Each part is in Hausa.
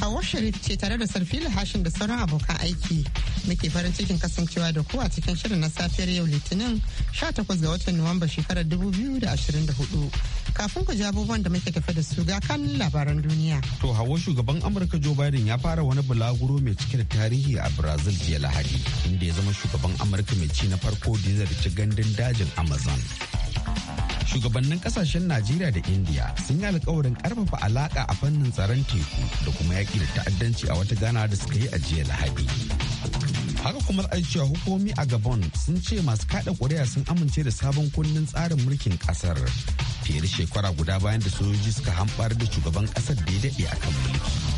Hauwa Sharif ce tare da Sarfila hashin da sauran abokan aiki. Muke farin cikin kasancewa da kuwa cikin shirin na safiyar yau Litinin 18 ga watan Nuwamba shekarar 2024. Kafin ku ji abubuwan da muke tafe da su ga kan labaran duniya. To hawa shugaban Amurka Joe Biden ya fara wani bulaguro mai cike da tarihi a Brazil jiya Lahadi, inda ya zama shugaban Amurka mai ci na farko da ya zarci gandun dajin Amazon. shugabannin kasashen najeriya da India sun yi alkawarin karfafa alaka a fannin tsaron teku da kuma yaƙi da ta'addanci a wata gana da suka yi a jiya lahadi haka kuma cewa hukumomi a gabon sun ce masu kada ƙuri'a sun amince da sabon kundin tsarin mulkin kasar fiye da shekara guda bayan da sojoji suka hambar da shugaban kasar da ya daɗe a mulki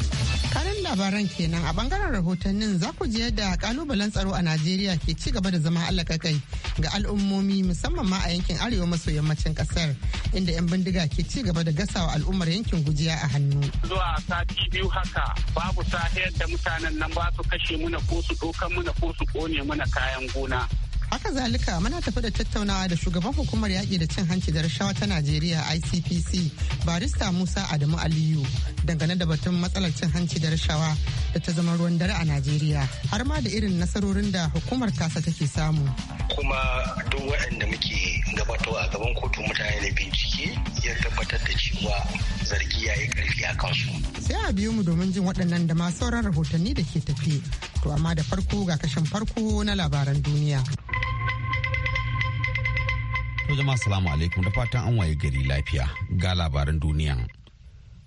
labaran kenan a bangaren rahotannin za ku je da kalubalen tsaro a Najeriya ke ci gaba da zama kai ga al'ummomi musamman ma a yankin arewa maso yammacin kasar inda 'yan bindiga ke ci gaba da gasawa al'ummar yankin gujiya a hannu. Zuwa sati biyu haka babu sahiyar da mutanen nan ba su kashe muna ko su dokan muna ko su kone muna kayan gona. haka zalika muna tafi da tattaunawa da shugaban hukumar yaƙi da cin hanci da rashawa ta najeriya icpc barista musa adamu aliyu dangane da batun matsalar cin hanci da rashawa da ta zama ruwan dare a najeriya har ma da irin nasarorin da hukumar kasa take samu kuma duk waɗanda muke gabato a gaban kotun mutane da bincike ya tabbatar da cewa zargi ya yi ƙarfi a kansu sai a biyo mu domin jin waɗannan da ma sauran rahotanni da ke tafi to amma da farko ga kashin farko na labaran duniya To zama salamu alaikum da fatan an waye gari lafiya ga labaran duniya.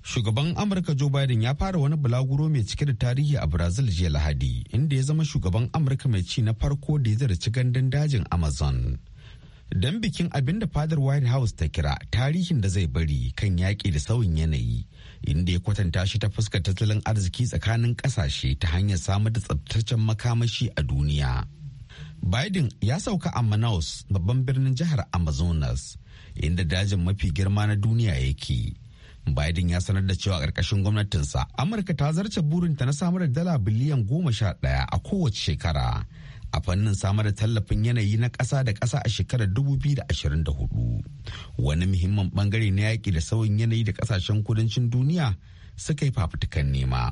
Shugaban Amurka Joe Biden ya fara wani bulaguro mai cike da tarihi a Brazil jiya Lahadi inda ya zama shugaban Amurka mai ci na farko da ya zarci gandun dajin Amazon. Don bikin abin da fadar White House ta kira tarihin da zai bari kan yaƙi da sauyin yanayi inda ya kwatanta shi ta fuskar tattalin arziki tsakanin ƙasashe ta hanyar samar da tsabtaccen makamashi a duniya. Biden ya sauka a Manaus babban birnin jihar Amazonas inda dajin mafi girma na duniya yake. Biden ya sanar da cewa ƙarƙashin gwamnatinsa Amurka ta zarce burinta na samar da dala biliyan goma sha ɗaya a kowace shekara a fannin samar da tallafin yanayi na ƙasa da ƙasa a shekarar 2024. Wani muhimmin bangare na yaƙi da sauyin yanayi da ƙasashen kudancin duniya suka yi fafutukan nema.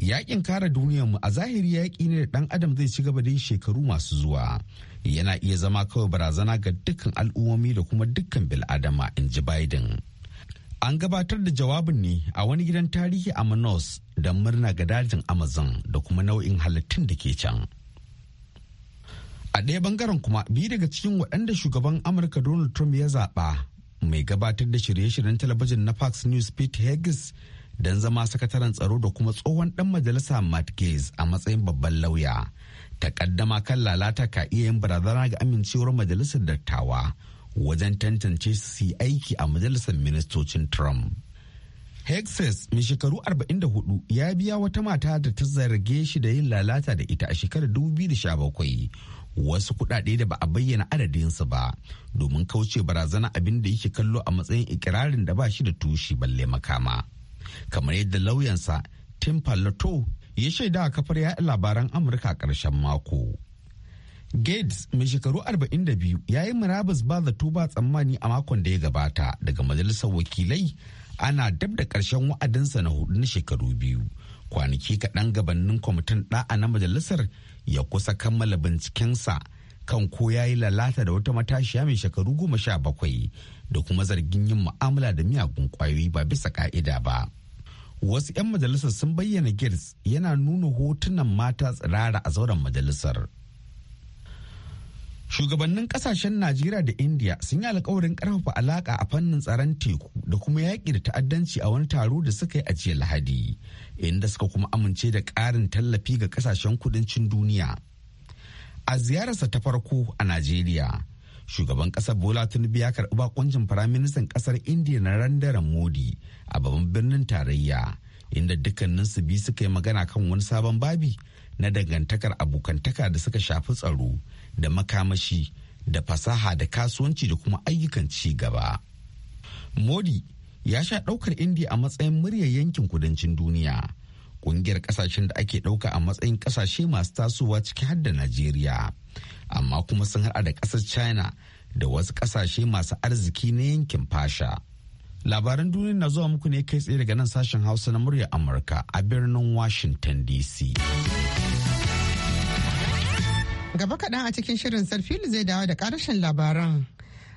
Yaƙin kare duniyarmu a zahiri yaƙi ne da ɗan adam zai ci gaba da yi shekaru masu zuwa. Yana iya zama kawai barazana ga dukkan al'ummomi da kuma dukkan bil'adama, in ji Biden. An gabatar da jawabin ne a wani gidan tarihi a Manaus da murna ga dajin Amazon da kuma nau'in halittun da ke can. A ɗaya bangaren kuma biyu daga cikin waɗanda shugaban Amurka Donald Trump ya zaɓa mai gabatar da shirye-shiryen talabijin na Fox News Pete Hegis don zama sakataren tsaro da kuma tsohon dan majalisa Matt Gaze a matsayin babban lauya. Takaddama kan lalata ka iya yin barazana ga amincewar majalisar dattawa wajen tantance su yi aiki a majalisar ministocin Trump. Hexes mai shekaru 44 ya biya wata mata da ta zarge shi da yin lalata da ita a shekarar 2017 wasu kudade da ba a bayyana adadinsu ba domin kauce barazana abin da yake kallo a matsayin ikirarin da ba shi da tushe balle makama. kamar yadda lauyansa tim palato ya shaida a kafar ya labaran amurka ƙarshen mako gates mai shekaru 42 ya yi murabus ba zato ba tsammani a makon da ya gabata daga majalisar wakilai ana dab da ƙarshen wa'adinsa na hudu na shekaru biyu kwanaki kaɗan gabanin kwamitin ɗa'a na majalisar ya kusa kammala bincikensa kan ko ya yi lalata da wata matashiya mai shekaru goma sha bakwai da kuma zargin yin mu'amala da miyagun kwayoyi ba bisa ka'ida ba. Wasu 'yan majalisar sun bayyana Girs yana nuna hotunan mata tsirara a zauren majalisar. Shugabannin kasashen Najeriya da India sun yi alkawarin karfafa alaka a fannin tsaron teku da kuma yaƙi da ta'addanci a wani taro da suka yi a jiya Lahadi, inda suka kuma amince da ƙarin tallafi ga kasashen kudancin duniya. a ziyararsa ta farko a najeriya shugaban ƙasar bola tinubu ya karɓi bakuncin firaministan ƙasar indiya na Randara modi a babban birnin tarayya inda dukkanin su biyu suka yi magana kan wani sabon babi na dangantakar abokantaka da suka shafi tsaro da makamashi da fasaha da kasuwanci da kuma ayyukan ci gaba modi ya sha ɗaukar indiya a matsayin muryar yankin kudancin duniya kungiyar kasashen da ake ɗauka a matsayin kasashe masu tasowa ciki har da najeriya amma kuma sun haɗa da ƙasar china da wasu kasashe masu arziki na yankin fasha labaran duniya na zuwa muku ne kai tsaye daga nan sashen hausa na murya amurka a birnin washington dc gaba kaɗan a cikin shirin sarfili zai dawo da ƙarashin labaran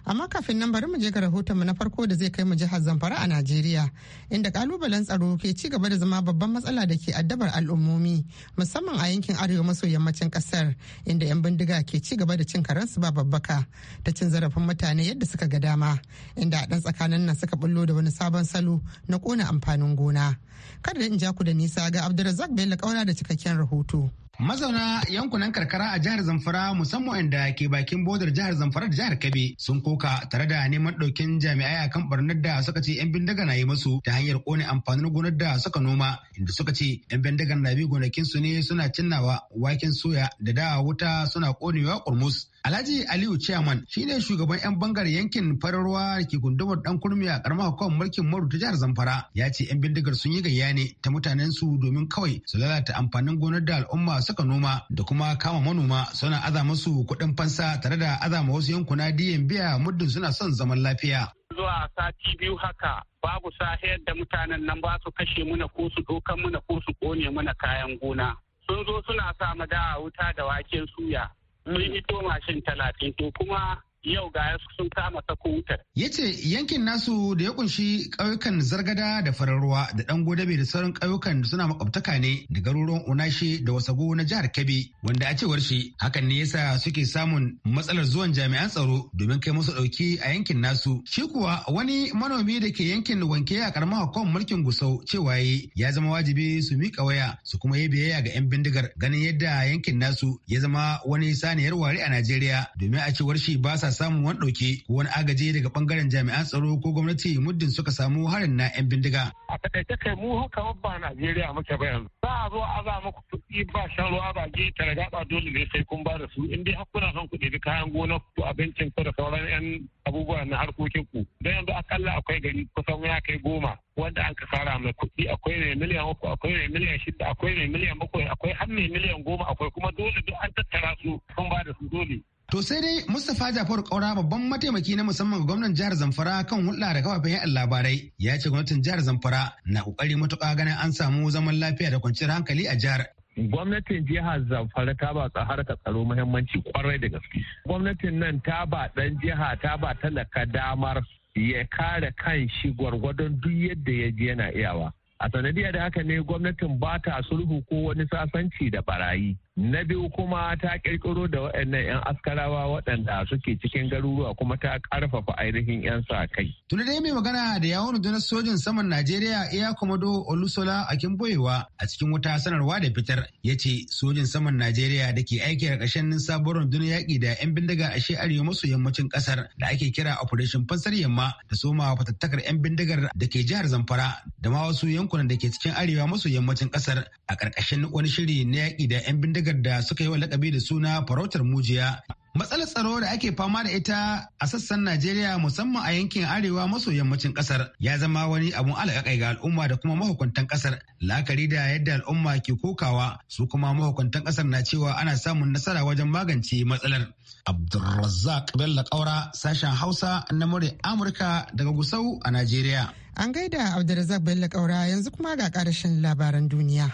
amma kafin nan bari mu je ga rahotonmu na farko da zai kai mu jihar zamfara a najeriya inda kalubalen tsaro ke ci gaba da zama babban matsala da ke addabar al'ummomi musamman a yankin arewa maso yammacin kasar inda 'yan bindiga ke ci gaba da cin karensu ba babbaka ta cin zarafin mutane yadda suka ga dama inda a ɗan tsakanin nan suka bullo da wani sabon salo na kona amfanin gona kada in ja ku da nisa ga abdulrazak bello kaura da cikakken rahoto Mazauna yankunan karkara a jihar Zamfara musamman inda ke bakin bodar jihar Zamfara da jihar kabe sun koka tare da neman ɗaukin jami'ai a kan barnar da suka ce 'yan bindiga na yi masu ta hanyar kone amfanin gonar da suka noma inda suka ce 'yan bindigar na bi gonakinsu ne suna cinnawa waken soya da da wuta suna konewa kurmus. Alhaji Aliyu Chairman ne shugaban 'yan bangar yankin da ke gundumar dan kurmi a karamar hukumar mulkin Maru ta jihar Zamfara ya ce 'yan bindigar sun yi gayya ne ta mutanen su domin kawai su lalata amfanin gonar da al'umma suka noma da kuma kama manoma suna aza su kuɗin fansa tare da aza wasu yankuna diyan biya muddin suna son zaman lafiya. Zuwa sati biyu haka babu sahiyar da mutanen nan ba su kashe muna ko su dokan muna ko su kone mana kayan gona. Sun zo suna sa da wuta da waken suya. sun hito mashin talatin to kuma yau ga sun kama sako wutar. Ya ce yankin nasu da ya kunshi ƙauyukan zargada da fararruwa da ɗan godabe da sauran ƙauyukan suna makwabtaka ne da garuruwan Unashe da Wasago na jihar Kebbi wanda a cewar shi hakan ne yasa suke samun matsalar zuwan jami'an tsaro domin kai musu ɗauki a yankin nasu. Shi kuwa wani manomi da ke yankin wanke a karamar hukumar mulkin Gusau cewa ya zama wajibi su miƙa waya su kuma yi biyayya ga 'yan bindigar ganin yadda yankin nasu ya zama wani saniyar ware a Najeriya domin a cewar shi ba sa sa samun wani ɗauke wani agaji daga bangaren jami'an tsaro ko gwamnati muddin suka samu harin na 'yan bindiga. A taƙaice kai mu haka ba Najeriya muke bayan. Za a zo a za muku kuɗi ba shan ruwa ba ge ta gaba dole ne sai kun ba da su in dai har kuna son kuɗi da kayan gona ku abincin ku da sauran 'yan abubuwa na harkokin ku. Don yanzu akalla akwai gari kusan ya kai goma. wanda an ka kara mai kuɗi akwai mai miliyan uku akwai mai miliyan shida akwai mai miliyan bakwai akwai har mai miliyan goma akwai kuma dole duk an tattara su sun ba da su dole To sai dai Mustapha Jafaru Kaura babban mataimaki na musamman ga gwamnan jihar Zamfara kan hulɗa da kafafen yaɗa labarai ya ce gwamnatin jihar Zamfara na kokari matuƙa ganin an samu zaman lafiya da kwanciyar hankali a jihar. Gwamnatin jihar Zamfara ta ba harkar tsaro muhimmanci kwarai da gaske. Gwamnatin nan ta ba ɗan jiha ta ba talaka damar ya kare kan shi gwargwadon duk yadda ya ji yana iyawa. A sanadiyar da haka ne gwamnatin ba ta sulhu ko wani sasanci da barayi. na biyu kuma ta kirkiro da waɗannan 'yan askarawa waɗanda suke cikin garuruwa kuma ta ƙarfafa ainihin 'yan sa kai. Tuni dai mai magana da yawon rundunar sojin saman Najeriya iya komodo Olusola Akinboyewa a cikin wata sanarwa da fitar ya ce sojin saman Najeriya da ke aiki a ƙarshen sabon rundunar yaƙi da 'yan bindiga a shi arewa maso yammacin ƙasar da ake kira Operation Fansar Yamma da soma fatattakar 'yan bindigar da ke jihar Zamfara da ma wasu yankunan da ke cikin arewa maso yammacin ƙasar a ƙarƙashin wani shiri na yaƙi da 'yan bindiga bindigar da suka yi wa lakabi da suna farautar mujiya matsalar tsaro da ake fama da ita a sassan najeriya musamman a yankin arewa maso yammacin kasar ya zama wani abun alaƙaƙai ga al'umma da kuma mahukuntan kasar la'akari da yadda al'umma ke kokawa su kuma mahukuntan kasar na cewa ana samun nasara wajen magance matsalar abdulrazzaq bello kaura sashen hausa na murya amurka daga gusau a najeriya an gaida abdulrazzaq bello kaura yanzu kuma ga ƙarshen labaran duniya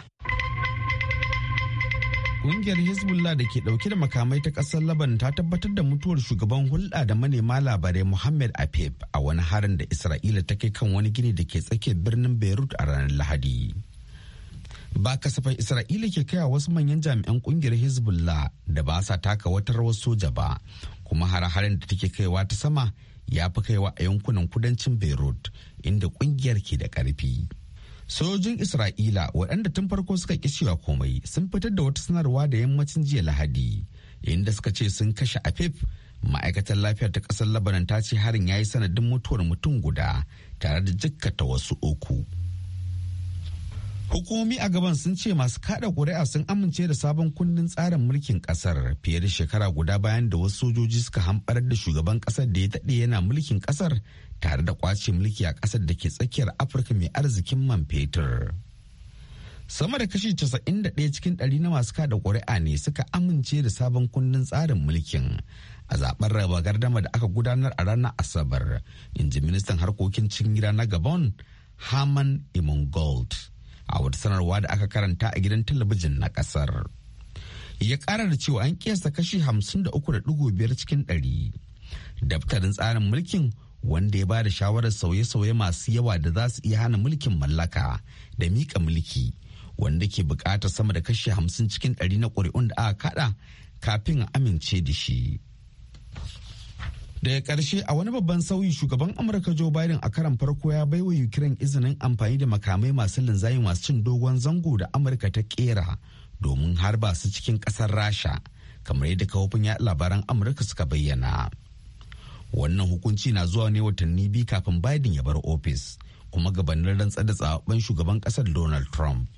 Ƙungiyar Hezbollah da ke ɗauke da makamai ta ƙasar Laban ta tabbatar da mutuwar shugaban hulɗa da manema labarai Muhammad Afif. a wani harin da Isra'ila ta kai kan wani gini da ke tsakiyar birnin Beirut a ranar Lahadi. Ba kasafai Isra'ila ke kaiwa wasu manyan jami'an ƙungiyar Hezbollah da ba sa taka wata rawar soja ba, kuma har harin da take kaiwa ta sama ya fi kaiwa a yankunan kudancin Beirut inda ƙungiyar ke da karfi sojojin isra'ila waɗanda tun farko suka ƙi cewa komai sun fitar da wata sanarwa da yammacin jiya lahadi inda suka ce sun kashe afif ma'aikatar lafiya ta ƙasar labanan ta ce harin ya yi sanadin mutuwar mutum guda tare da jikkata wasu uku hukumomi a gaban sun ce masu kada ƙuri'a sun amince da sabon kundin tsarin mulkin ƙasar fiye da shekara guda bayan da wasu sojoji suka hamɓarar da shugaban ƙasar da ya daɗe yana mulkin ƙasar tare da kwace mulki a ƙasar da ke tsakiyar afirka mai arzikin man fetur sama da kashi 91 cikin dari na masu kada ƙuri'a ne suka amince da sabon kundin tsarin mulkin a zaben raba gardama da aka gudanar a ranar asabar in ji ministan harkokin cikin gida na gabon haman gold a wata sanarwa da aka karanta a gidan talabijin na kasar ya kara da cewa an kiyasta kashi 53.5 cikin dari. daftarin tsarin mulkin wanda ya ba da shawarar sauye-sauye masu yawa da za su iya hana mulkin mallaka da miƙa mulki wanda ke buƙatar sama da kashe hamsin cikin ɗari na ƙuri'un da aka kaɗa kafin a amince da shi. Daga ƙarshe a wani babban sauyi shugaban Amurka Joe Biden a karan farko ya baiwa Ukraine izinin amfani da makamai masu linzayi masu cin dogon zango da Amurka ta ƙera domin harba su cikin ƙasar Rasha kamar yadda kawofin ya labaran Amurka suka bayyana. wannan hukunci na zuwa ne watanni biyu kafin biden ya bar ofis kuma gabanin rantsar da zababben shugaban kasar donald trump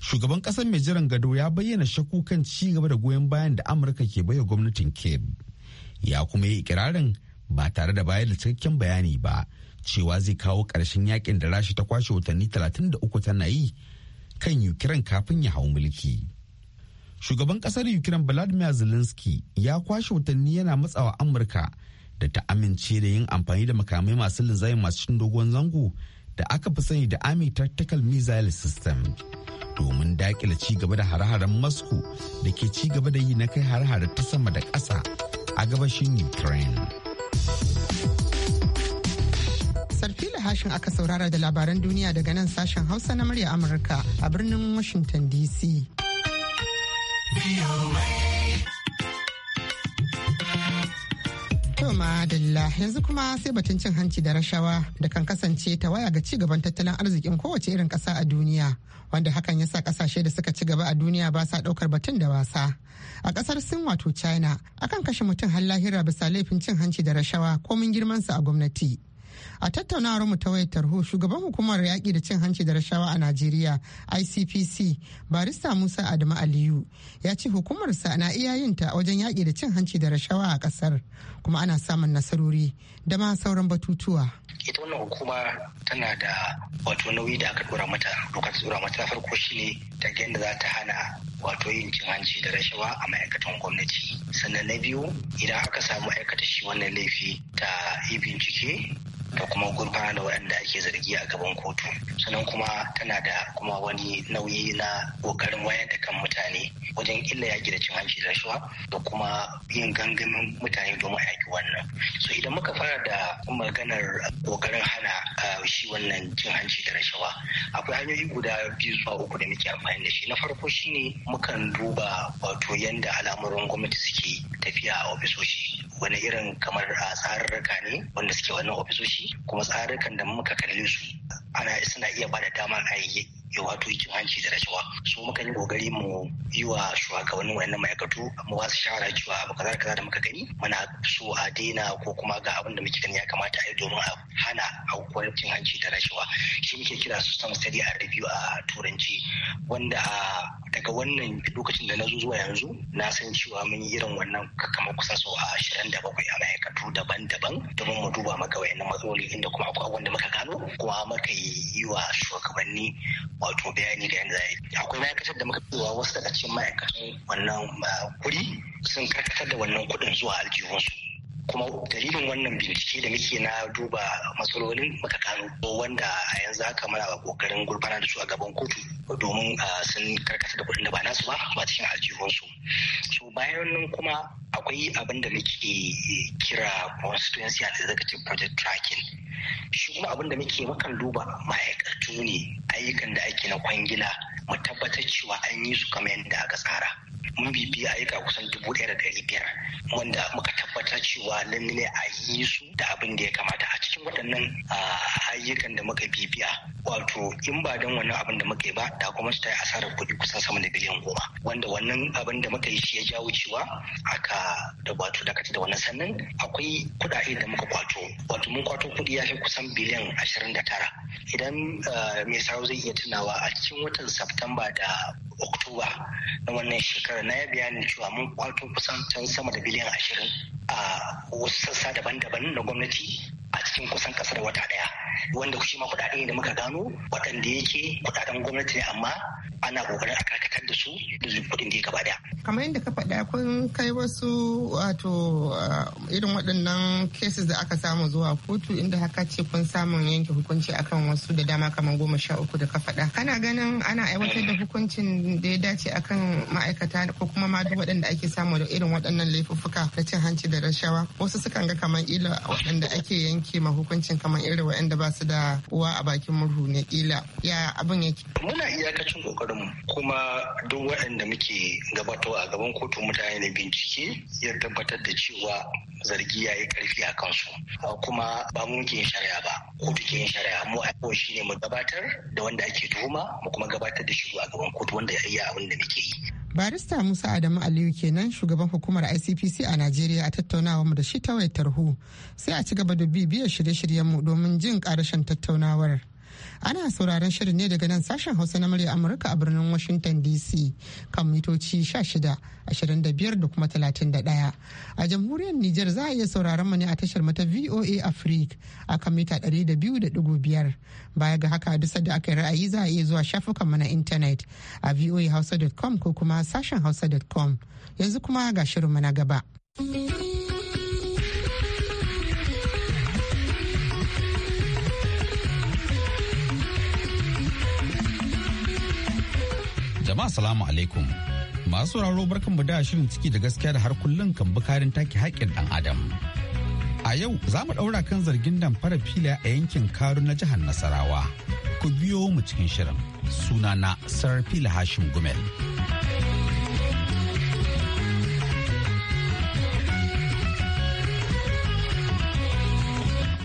shugaban kasar mai jiran gado ya bayyana shakku kan ci gaba da goyon bayan da amurka ke baiwa gwamnatin cape ya kuma yi ikirarin ba tare da bayar da cikakken bayani ba cewa zai kawo karshen yakin da rashi ta kwashe watanni 33 tana yi kan ukraine kafin ya hau mulki shugaban kasar ukraine vladimir zelensky ya kwashe watanni yana matsawa amurka da ta amince da yin amfani da makamai masu linzayin masu cin dogon zango da aka fi sani da army tactical missile system domin dakila ci gaba da hare-haren moscow da ke ci gaba da yi na kai hare ta sama da ƙasa a gabashin ukraine sarfila hashin aka saurara da labaran duniya daga nan sashen hausa na murya amurka a birnin washington dc To madalla yanzu kuma sai batun cin hanci da rashawa da kan kasance ta waya ga cigaban tattalin arzikin kowace irin ƙasa a duniya wanda hakan yasa sa ƙasashe da suka ci gaba a duniya ba sa ɗaukar batun da wasa. A ƙasar Sin wato China akan kashe mutum har lahira bisa laifin cin hanci da rashawa komin girmansa a gwamnati. a tattaunawar mu ta wayar tarho shugaban hukumar yaƙi da cin hanci da rashawa a najeriya icpc barista musa adamu aliyu ya ce hukumarsa na iya yinta wajen yaƙi da cin hanci da rashawa a ƙasar kuma ana samun nasarori da ma sauran batutuwa ita wannan hukuma tana da wato nauyi da aka dora mata lokacin tsura mata na farko shine ta yadda za ta hana wato yin cin hanci da rashawa a ma'aikatan gwamnati sannan na biyu idan aka samu aikata shi wannan laifi ta yi bincike da kuma gurfana da waɗanda ake zargi a gaban kotu sannan kuma tana da kuma wani nauyi na ƙoƙarin wayar da kan mutane wajen illa yaki da cin hanci da rashawa da kuma yin gangamin mutane domin a wannan so idan muka fara da maganar ƙoƙarin hana uh, shi wannan cin hanci da rashawa akwai hanyoyi guda biyu zuwa uku da muke amfani da shi na farko shine mukan duba wato yanda al'amuran gwamnati suke tafiya a ofisoshi wani irin kamar a uh, tsararraka ne wanda suke wannan ofisoshi kuma tsarukan da muka kalli su ana suna iya bada damar a yi wato ikin hanci da rashawa su muka yi kokari mu yi wa shugabannin wayannan ma'aikatu mu ba su shawara cewa abu kaza kaza da muka gani muna so a daina ko kuma ga abin da muke gani ya kamata a yi domin a hana aukuwar cin hanci da rashawa shi muke kira su system study a review a turanci wanda daga wannan lokacin da na zo zuwa yanzu na san cewa mun yi irin wannan kamar kusa so a ashirin da bakwai a ma'aikatu daban-daban domin mu duba maka wayannan matsaloli inda kuma akwai wanda muka gano kuma muka yi wa shugabanni wato bayani da yanzu yi akwai ma'aikatar da muka cewa wasu daga cikin ma'aikatan wannan ah, kuri sun karkatar da wannan kuɗin zuwa aljihunsu kuma dalilin wannan bincike da muke na duba matsalolin muka gano wanda a yanzu haka muna kokarin gurbana da su a gaban kotu domin ah, sun karkata da kuɗin da ba nasu ba ba cikin aljihunsu so bayan nan kuma akwai abin da muke kira constituency and executive project tracking shi kuma abin da muke makan duba ma'aikatu ne ayyukan da ake na kwangila mu tabbatar cewa an yi su kamar yadda aka tsara mun bibiya ayyuka kusan dubu ɗaya da ɗari biyar wanda muka tabbatar cewa ne a yi su da abin da ya kamata a cikin waɗannan ayyukan da muka bibiya wato in ba don wannan abin da muka yi ba da kuma ta yi asarar kuɗi kusan sama da biliyan goma wanda wannan abin da muka yi shi ya jawo cewa aka da wato dakata da wannan sannan akwai kuɗaɗe da muka kwato wato mun kwato kuɗi ya fi kusan biliyan ashirin da tara idan mai sarau zai iya tunawa a cikin watan sabta Satamba da Oktoba na wannan shekarar na ya bayani cewa mun kwato kusan can sama da biliyan ashirin a wasu sassa daban-daban na gwamnati a cikin kusan kasar wata daya. wanda shi ma kuɗaɗe ne da muka gano waɗanda yake kudaden gwamnati ne amma ana kokarin a karkatar da su da kudin da ya gaba da. Kamar yadda ka faɗa kun kai wasu wato eh, irin waɗannan cases da aka samu zuwa kotu inda haka ce kun samun yanke hukunci akan wasu da dama kamar goma sha uku da ka faɗa. Kana ganin ana aiwatar da hukuncin da ya dace akan ma'aikata ko kuma ma duk waɗanda ake samu da irin waɗannan laifuffuka na cin hanci da rashawa wasu sukan ga kamar ila waɗanda ake yanke ma hukuncin kamar irin waɗanda ba ba da uwa a bakin murhu ne kila ya abin yake muna iyakacin mu. kuma duk waɗanda muke gabatarwa a gaban kotu mutane da bincike ya tabbatar da cewa zargi ya yi karfi a kansu kuma ba mu ke shari'a ba kotu ke yin shari'a mu a shi ne mu gabatar da wanda ake tuhuma mu kuma gabatar da shi a gaban kotu wanda ya iya abin da muke yi barista musa adamu aliyu kenan shugaban hukumar icpc a najeriya a tattaunawa mu da shi ta tarho sai a ci gaba da bibiyar shirye shiryen mu domin jin karashen tattaunawar Ana sauraron shirin ne daga nan sashen Hausa na murya Amurka a birnin Washington DC kan mitoci 16, ashirin da kuma 31. A jamhuriyar Nijar za a iya sauraron mu ne a tashar mata VOA Africa a kan mita 200.5. Baya ga haka dusa da aka yi ra'ayi za a iya zuwa shafukan mu na intanet a voahausa.com ko kuma sashen hausa.com. Yanzu kuma ga shirin mu na gaba. Jama'a salamu alaikum. Masu sauraro barkanmu da shirin ciki da gaskiya da har kullum kan bukarin take haƙƙin ɗan adam. A yau za mu ɗaura kan zargin damfara fila a yankin Karu na jihar Nasarawa. Ku biyo mu cikin shirin. Sunana Sarfila Hashim Gumel.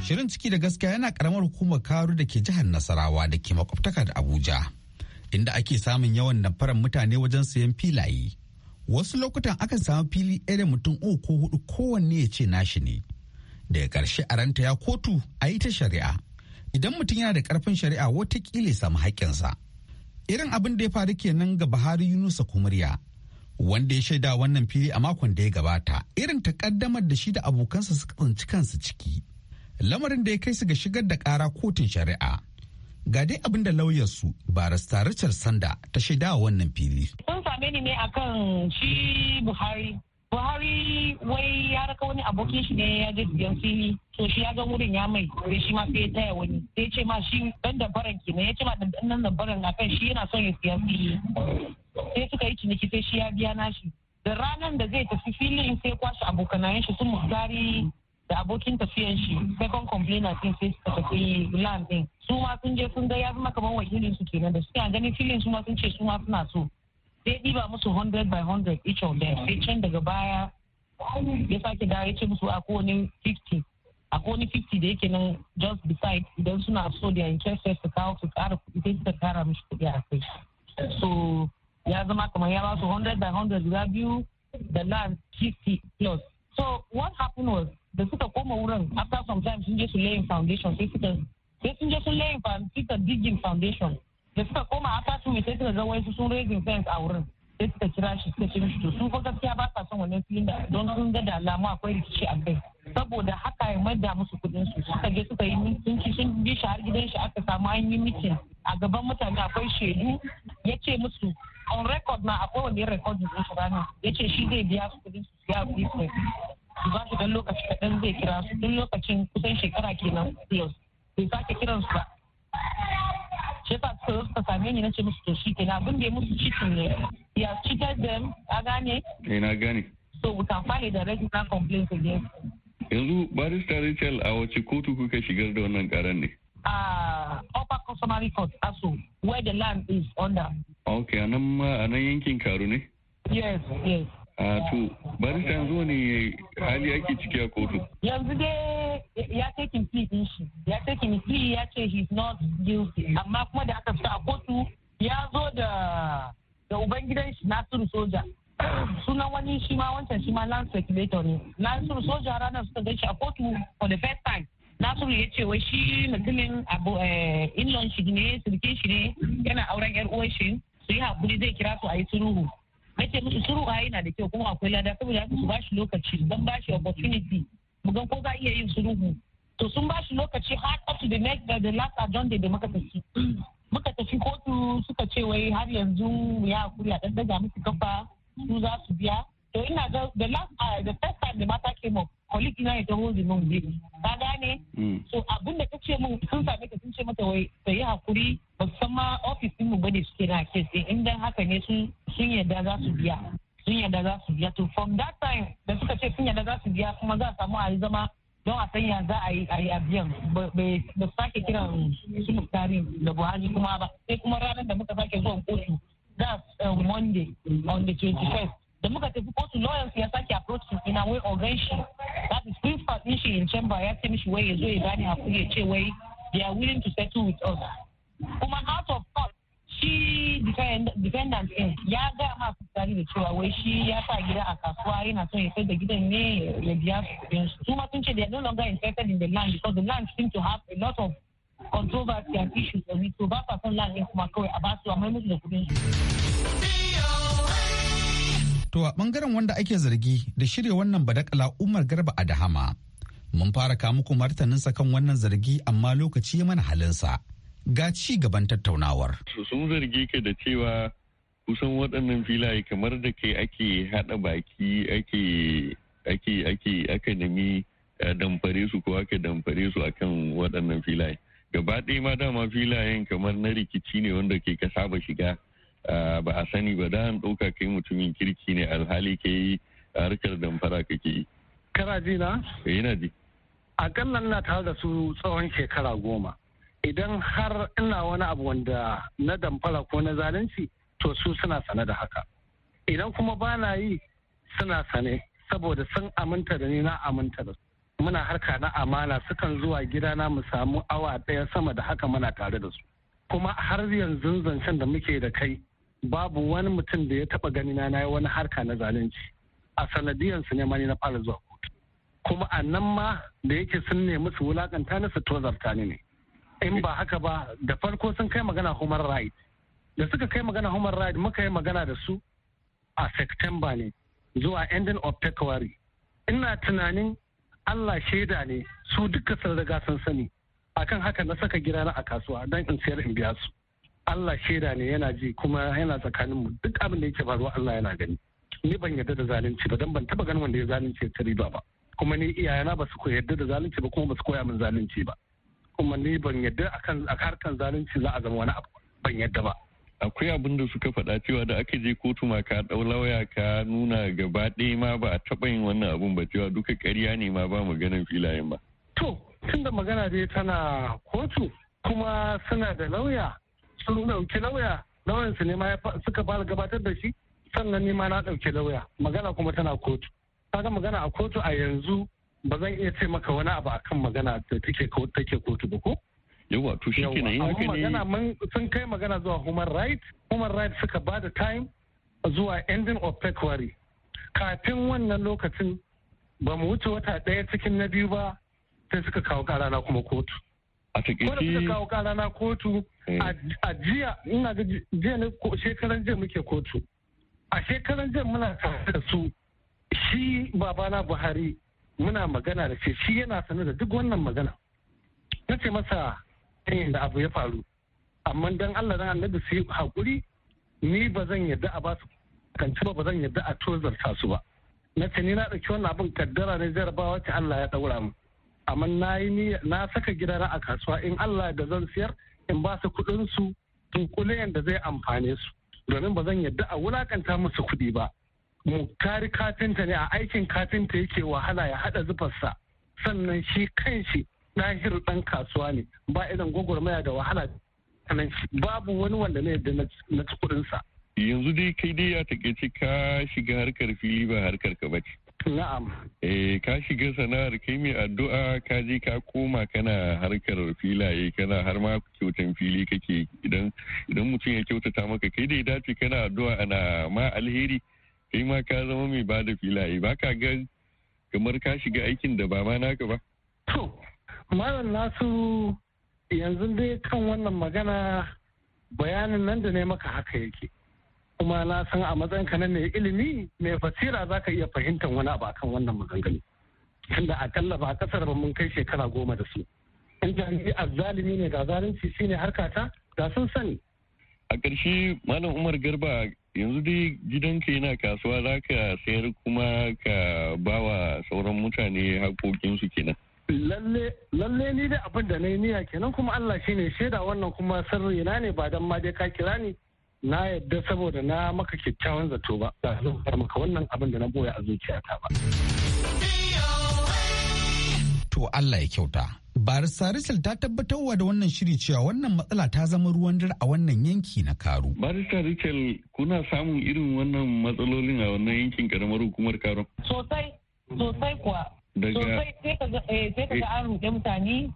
Shirin ciki da gaskiya yana karamar hukumar Karu da ke jihar Nasarawa da ke makwabtaka da Abuja. inda ake samun yawan damfarar mutane wajen sayan filaye. Wasu lokutan akan samu fili irin mutum uku ko hudu kowanne ya ce nashi ne. Daga ƙarshe a ranta ya kotu a yi ta shari'a. Idan mutum yana da ƙarfin shari'a watakila ya samu haƙƙinsa. Irin abin da ya faru kenan ga Buhari Yunusa Kumurya. Wanda ya shaida wannan fili a makon da ya gabata irin takaddamar da shi da abokansa suka tsinci kansu ciki. Lamarin da ya kai su ga shigar da ƙara kotun shari'a. Ga dai abin da lauyarsu barista Richard Sanda ta shaida wa wannan fili. Sun same ni ne akan shi Buhari. Buhari wai ya raka wani abokin shi ne ya je biyan fili. To shi ya ga wurin ya mai sai shi ma sai ya taya wani. Sai ce ma shi dan baran ki ne ya ce ma dan nan a kan shi yana son ya siya fili. Sai suka yi ciniki sai shi ya biya nashi. Da ranar da zai tafi filin sai kwashe abokanayen shi sun musgari da abokin tafiyan shi second complainer din sai suka tafi land din su ma sun je sun ga ya zama kamar wakilin su kenan da suka ganin filin su ma sun ce su ma suna so sai ɗiba musu 100 by 100 each of them sai can daga baya ya sake dawo ya ce musu a kowane 50 a kowane 50 da yake nan just beside idan suna so da in sai su kawo su kara kuɗi sai suka kara mishi kuɗi a kai so ya zama kamar ya ba su 100 by 100 guda biyu da land 50 plus so what happened was da suka koma wurin after some time sun je su laying foundation sai suka sai sun je su laying suka digging foundation da suka koma after two weeks sai suka zama wai sun raising fence a wurin sai suka kira shi suka ce mishi to sun ko gaskiya ba sa son wannan filin da don sun ga da alamu akwai rikici a kai saboda haka ya maida musu kudin su suka je suka yi mintinci sun bi shi har gidan shi aka samu an yi mitin a gaban mutane akwai shaidu ya ce musu on record na a kowane da su rana ya ce shi zai biya su kudin su biya business su ba shi dan lokaci kaɗan zai kira su tun lokacin kusan shekara kenan plus bai sake kiran su ba shi ta suka zo suka same ni na ce musu to shi kenan abin da ya musu cikin ne ya cheated them a gane eh na gane so we can file a direct complaint against yanzu barista rachel a wace kotu kuka shigar da wannan karan ne uh, ah, upper customary court aso where the land is under. Okay, anan nan yankin karu ne? Yes, yes. A ah, to, bari ta yanzu ne hali ake ciki a kotu. Yanzu dai ya taking plea din shi, ya taking plea ya ce he's not guilty, amma kuma da aka fita a kotu ya zo da da ubangidan shi Nasiru Soja. Sunan wani shi ma wancan shi ma land speculator ne. Nasiru Soja ranar suka gan shi a kotu for the first time. nasiru ya ce wai shi mutumin abu eh, inlon shi ne shi ne yana auren yar uwar shi su yi hakuri zai kira su a yi suruhu na musu suruhu a yana da kyau kuma akwai lada saboda haka su bashi lokaci don bashi opportunity mu gan ko za iya yin suruhu to sun bashi lokaci har up to the next the last adjourn day da muka tafi muka tafi kotu suka ce wai har yanzu ya hakuri a ɗan daga musu kafa su za su biya to ina ga the last uh, the first time the matter came up colleague ina ya taho da mun biyu ka gane mm. so abin da kace mun sun same ka sun ce mata wai ta yi hakuri ba san ma office din mu bane suke na case din in dan haka ne sun sun yadda za su biya sun yadda za su biya to from that time da suka ce sun yadda za su biya kuma za a samu a zama don a sanya za a yi a yi abiyan ba su sake kiran su muktari da buhari kuma ba sai kuma ranar da muka sake zuwa kotu that's uh, monday on the 21st da muka tafi kotu lawyer ya sake approaching ina wai ogan shi that is principal din shi in chamber ya ce mishi wai yazo ya bani hakuri ya ce wai they are willing to settle with us kuma out of court shi defendant din ya ga ma fitari da cewa wai shi ya sa gida a kasuwa yana son ya sai da gidan ne ya biya su kudin su kuma sun ce they are no longer interested in the land because the land seem to have a lot of controversy and issues da wito ba sa son land ne kuma kawai a basu amma musu da kudin su To a bangaren wanda ake zargi da shirya wannan badakala Umar Garba a Dahama. Mun fara kamu muku martaninsa kan wannan zargi amma lokaci ya mana halinsa. Ga ci gaban tattaunawar. Sun zargi ka da cewa kusan waɗannan filaye kamar da kai ake haɗa baki ake ake ake aka nemi damfare su ko aka damfare su akan waɗannan filaye. Gaba ɗaya ma dama filayen kamar na rikici ne wanda ke ka saba shiga Eh, ba a sani ba da an ɗauka kai mutumin kirki ne alhali ke yi a harkar damfara kake yi. Kana ji na? Yana eh, ji. ina tare da su tsawon shekara goma. Idan har ina wani abu wanda na damfara ko na zalunci to su suna sane da haka. Idan kuma ba na yi suna sane saboda sun aminta da ni na aminta da su. Muna harka na amana sukan zuwa gidana mu samu awa ɗaya sama da haka muna tare da su. Kuma har yanzu zancen da muke da kai babu wani mutum da ya taba gani na yi wani harka na zalunci a sanadiyan su ne mani na fara zuwa kotu kuma a nan ma da yake sun nemi su wulakanta ni su tozarta ni ne in ba haka ba da farko sun kai magana human rights da suka kai magana human rights muka yi magana da su a september ne zuwa ending of february ina tunanin allah shaida ne su duka sun riga sun sani akan haka na saka gidana a kasuwa don in sayar in biya su Allah shaida ne yana ji kuma yana tsakanin mu duk abin da yake faruwa Allah yana gani ni ban yarda da zalunci ba dan ban taba ganin wanda ya zalunci ta riba ba kuma ni iyayena ba su yarda da zalunci ba kuma ba su koya min zalunci ba kuma ni ban yarda akan a harkan zalunci za a zama wani abu ban yarda ba akwai abin da suka faɗa cewa da aka je kotu ma ka dau lawaya ka nuna gaba ɗaya ma ba a taba yin wannan abun ba cewa duka ƙarya ne ma ba maganar filayen ba. To, tunda magana dai tana kotu kuma suna da lauya sun ɗauki lauya lauyansu ne ma suka fara gabatar da shi sannan ne ma na ɗauki lauya magana kuma tana kotu kaga magana a kotu a yanzu ba zan iya ce maka wani abu akan magana da take kotu ba ko yawa to shi kenan yin haka magana mun sun kai magana zuwa human right human right suka ba da time zuwa ending of february kafin wannan lokacin ba mu wuce wata ɗaya cikin na biyu ba sai suka kawo kara na kuma kotu a takaice wanda kawo kara na kotu eh. a jiya ina ga jiya ne shekaran jiya muke kotu a shekaran jiya muna tare da su shi babana buhari muna magana da shi shi yana sane da duk wannan magana na ce masa yanayin da abu ya faru amma dan allah dan annabi su hakuri ni ba zan yadda a basu kanci ba ba zan yadda a tozarta su ba na ce ni na ɗauki wannan abin kaddara ne jarabawa ce allah ya ɗaura mu amma na yi na saka gidan a kasuwa in Allah da zan siyar in ba su kuɗin su tunkulen da zai amfane su domin ba zan yadda a wulakanta musu kuɗi ba mu kari kafinta ne a aikin kafinta yake wahala ya haɗa zufarsa sannan shi kanshi ɗahir ɗan kasuwa ne ba idan gwagwarmaya da wahala babu wani wanda ne yadda na ci kuɗinsa. yanzu dai kai dai ya take ka shiga harkar fili ba harkar ka bace Na'am. Eh ka shiga sana'ar kai mai addu'a ka je ka koma kana harkar filaye kana har ma kyautan fili kake idan idan mutum ya kyautata maka kai da ya dace kana addu'a ana ma alheri kai ma ka zama mai bada filaye ba ka ga kamar ka shiga aikin da ba ma naka ba. To malam nasu yanzu dai kan wannan magana bayanin nan da ne maka haka yake. kuma na san a matsayin ka na mai ilimi mai fasira za ka iya fahimtar wani abu akan wannan maganganu tunda kalla ba kasar ba mun kai shekara goma da su in jami'i zalimi ne ga zalunci shine harkata da sun sani a ƙarshe malam umar garba yanzu dai gidanka yana kasuwa za ka sayar kuma ka bawa sauran mutane hakokinsu kenan lalle ni da abin da na yi niyya kenan kuma Allah shi ne shaida wannan kuma sirri na ne ba dan ma dai ka kira ni na yadda saboda na maka kyakkyawan zato ba ba zan fara maka wannan abin da na boye a zuciyata ba to Allah ya kyauta Barista Sarisal ta tabbatarwa da wannan shiri cewa wannan matsala ta zama ruwan dare a wannan yanki na Karu. Barista Sarisal kuna samun irin wannan matsalolin a wannan yankin karamar hukumar Karu? Sosai, sosai kuwa. Daga... Sosai sai ka ga eh, an ruɗe mutane,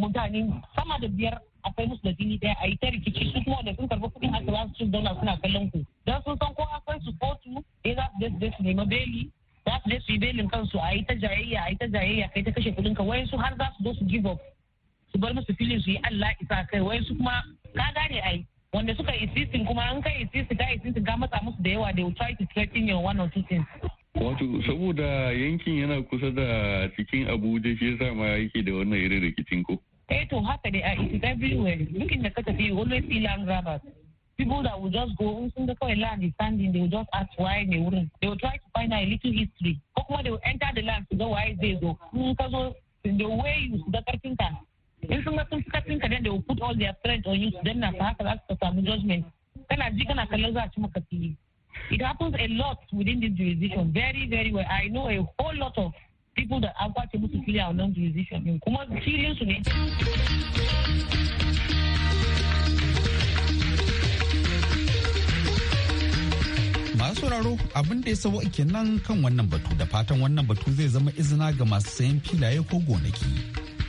mutane sama da biyar akwai musu da jini daya a yi ta rikici su kuma da sun karɓi kuɗin haka za su zauna suna kallon ku don sun san ko akwai su kotu eh, dai za su je su je su nema beli za su je su yi belin kansu a yi ta jayayya a yi ta jayayya kai ta kashe kuɗin ka wayan su har za su zo su give up su bar musu filin su yi Allah isa kai wayan su kuma ka gane ai wanda suka insistin kuma an kai insistin ka insistin ka matsa musu da yawa they will try to threaten your one or two things Wato saboda yankin yana kusa da cikin Abuja shi yasa ma yake da wannan irin rikicin ko? Eh to haka dai it is everywhere. Looking the cut you always see land grabbers. People that will just go in oh, the land is standing, they will just ask why they wouldn't. They will try to find out a little history. Ko kuma they will enter the land to go why they go. In ka the way you su da In sun ga sun fi karfin ka then they will put all their strength on you to danna ka haka za su samu judgment. Kana ji kana kallon za a ci It happens a lot within this jurisdiction. Very, very well. I know a whole lot of people da an kwace musu fili wannan position din kuma filin su ne masu sauraro abin da ya sabo ake nan kan wannan batu da fatan wannan batu zai zama izina ga masu sayan filaye ko gonaki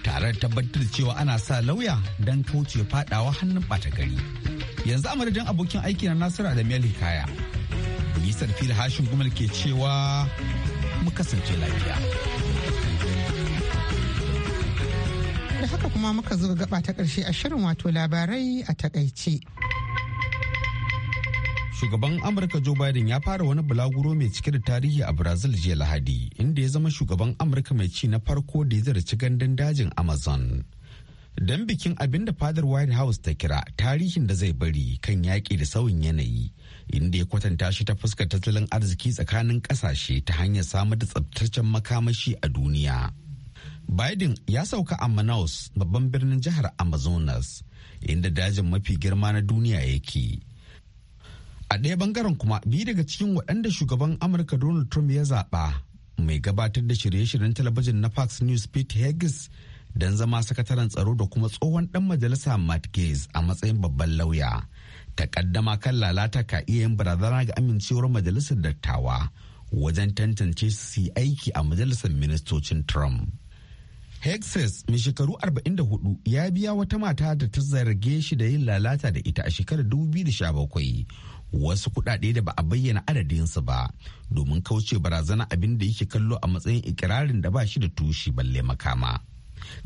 tare da tabbatar cewa ana sa lauya don kauce fadawa hannun bata gari yanzu a madadin abokin aiki na nasiru da hikaya nisar fil hashin gumal ke cewa kasance lafiya. Da haka kuma muka zuga gaba ta ƙarshe a shirin wato labarai a takaice. Shugaban Amurka Joe Biden ya fara wani bulaguro mai cike da tarihi a Brazil jiya Lahadi, inda ya zama shugaban Amurka mai ci na farko da ya ci gandun dajin Amazon. Don bikin abin da fadar White House ta kira tarihin da zai bari kan yaƙi da sauyin yanayi. inda ya kwatanta shi ta fuska tattalin arziki tsakanin kasashe ta hanyar samar da tsabtaccen makamashi a duniya. Biden ya sauka a Manaus babban birnin jihar Amazonas inda dajin mafi girma na duniya yake. A ɗaya bangaren kuma biyu daga cikin waɗanda shugaban Amurka Donald Trump ya zaɓa mai gabatar da shirye-shiryen talabijin na Fox News Pete Hegis don zama sakataren tsaro da kuma tsohon ɗan majalisa Matt Gaetz a matsayin babban lauya. takaddama kan lalata ka iya yin barazana ga amincewar majalisar dattawa wajen tantance su yi aiki a majalisar ministocin Trump. Hexes mai shekaru 44 ya biya wata mata da ta zarge shi da yin lalata da ita a shekarar 2017 wasu kudade da ba a bayyana adadinsu ba domin kauce barazana abin da yake kallo a matsayin ikirarin da ba shi da tushi balle makama.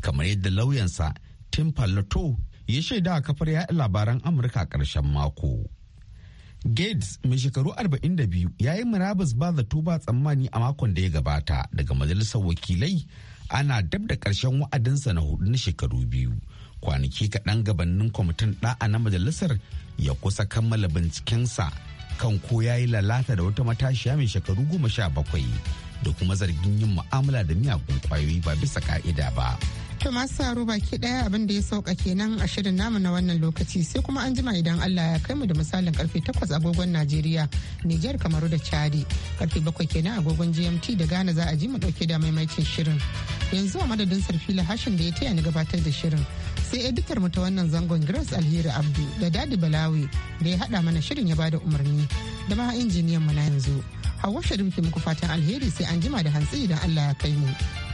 Kamar yadda lauyansa Tim Palato ya shaida a kafar yaɗa labaran amurka ƙarshen mako gates mai shekaru 42 ya yi murabus ba zato ba tsammani a makon da ya gabata daga majalisar wakilai ana dab da ƙarshen wa'adinsa na hudu na shekaru biyu kwanaki kaɗan gabanin kwamitin ɗa'a na majalisar ya kusa kammala bincikensa kan ko ya yi lalata da wata matashiya mai shekaru goma sha bakwai da kuma zargin yin mu'amala da miyagun kwayoyi ba bisa ka'ida ba. To masu saro baki daya abin da ya sauka kenan a shirin namu na wannan lokaci sai kuma an jima idan Allah ya kai mu da misalin karfe 8 agogon Najeriya, Nijar, Kamaru da Chadi. Karfe 7 kenan agogon GMT da Ghana za a ji mu dauke da maimaicin shirin. Yanzu a madadin Sarfila Hashin da ya taya ni gabatar da shirin. Sai editar mu ta wannan zangon Grace Alheri Abdu da Dadi Balawi da ya hada mana shirin ya bada umarni da ma injiniyan mu na yanzu. Hawwa Sharif muku fatan alheri sai an jima da hantsi idan Allah ya kai mu.